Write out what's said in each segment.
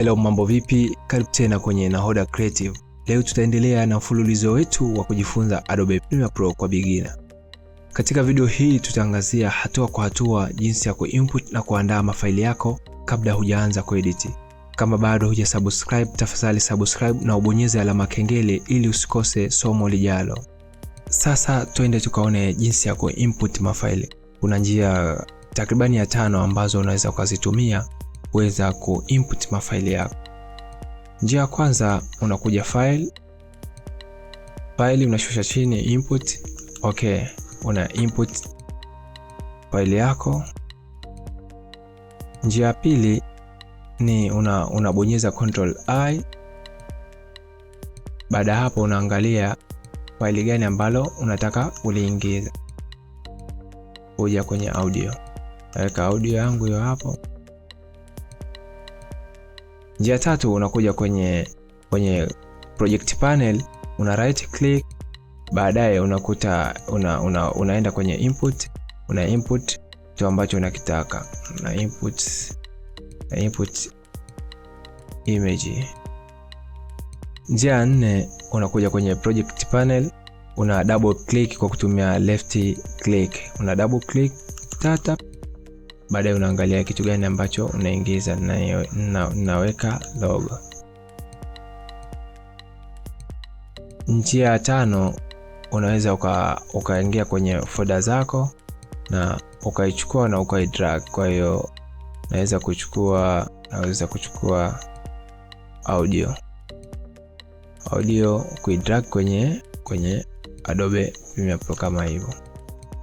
Hello, mambo vipi? Karibu tena kwenye Nahoda Creative. Leo tutaendelea na mfululizo wetu wa kujifunza Adobe Premiere Pro kwa beginner. Katika video hii tutaangazia hatua kwa hatua jinsi ya kuinput na kuandaa mafaili yako kabla hujaanza kuedit Kama bado hujasubscribe, tafadhali subscribe na ubonyeze alama kengele ili usikose somo lijalo. Sasa twende tukaone jinsi ya kuinput mafaili. Kuna njia takribani ya tano ambazo unaweza ukazitumia kuweza input mafaili yako. Njia ya kwanza unakuja file, file unashusha chini input. Okay, una input faili yako. Njia ya pili ni unabonyeza control i. Baada ya hapo unaangalia faili gani ambalo unataka uliingiza, kuja kwenye audio, naweka audio yangu hiyo hapo. Njia tatu, unakuja kwenye kwenye project panel, una right click, baadaye unakuta una, una, unaenda kwenye input, una input kitu ambacho unakitaka, una input, una input image. Njia nne, unakuja kwenye project panel, una double click kwa kutumia left click, una double click tap baadaye unaangalia kitu gani ambacho unaingiza na, na, naweka logo. Njia ya tano unaweza ukaingia uka kwenye foda zako na ukaichukua na ukaidrag. Kwa hiyo naweza kuchukua naweza kuchukua audio audio kuidrag kwenye kwenye Adobe Premiere Pro kama hivyo,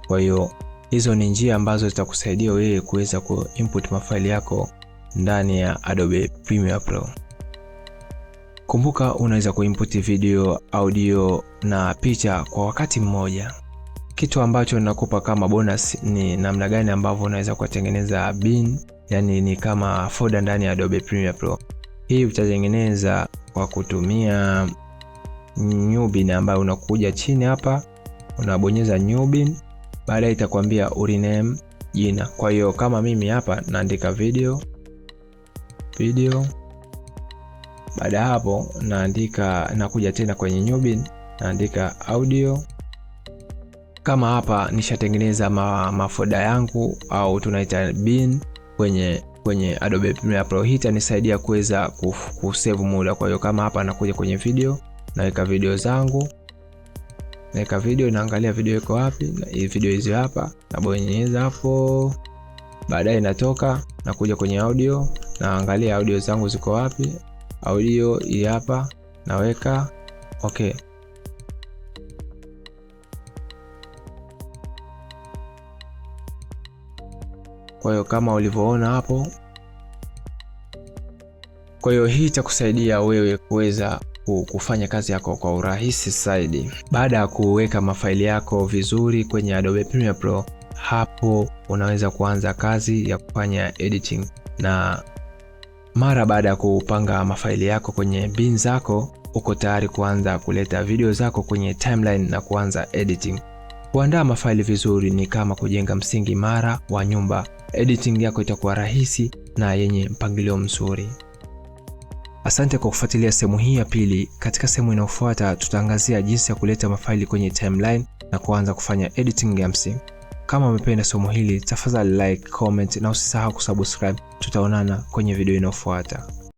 kwa hiyo Hizo ni njia ambazo zitakusaidia wewe kuweza input mafaili yako ndani ya Adobe Premiere Pro. Kumbuka unaweza input video, audio na picha kwa wakati mmoja. Kitu ambacho ninakupa kama bonus ni namna gani ambavyo unaweza kutengeneza bin, yani ni kama folder ndani ya Adobe Premiere Pro. Hii utatengeneza kwa kutumia new bin ambayo unakuja chini hapa, unabonyeza new bin baadaye itakwambia urename jina. Kwa hiyo kama mimi hapa naandika video video, baada hapo naandika, nakuja tena kwenye Newbin naandika audio. Kama hapa nishatengeneza ma, mafoda yangu au tunaita bin kwenye kwenye Adobe Premiere Pro. Hii itanisaidia kuweza kusave muda. Kwa hiyo kama hapa nakuja kwenye video naweka video zangu naweka video, naangalia video iko wapi, video hizi hapa, nabonyeza hapo, baadaye natoka nakuja kwenye audio, naangalia audio zangu ziko wapi. Audio hii hapa naweka okay. Kwa hiyo kama ulivyoona hapo, kwa hiyo hii itakusaidia wewe kuweza kufanya kazi yako kwa urahisi zaidi. Baada ya kuweka mafaili yako vizuri kwenye Adobe Premiere Pro, hapo unaweza kuanza kazi ya kufanya editing, na mara baada ya kupanga mafaili yako kwenye bin zako, uko tayari kuanza kuleta video zako kwenye timeline na kuanza editing. Kuandaa mafaili vizuri ni kama kujenga msingi imara wa nyumba. Editing yako itakuwa rahisi na yenye mpangilio mzuri. Asante kwa kufuatilia sehemu hii ya pili. Katika sehemu inayofuata, tutaangazia jinsi ya kuleta mafaili kwenye timeline na kuanza kufanya editing msingi. Kama umependa somo hili, tafadhali like, comment na usisahau kusubscribe. Tutaonana kwenye video inayofuata.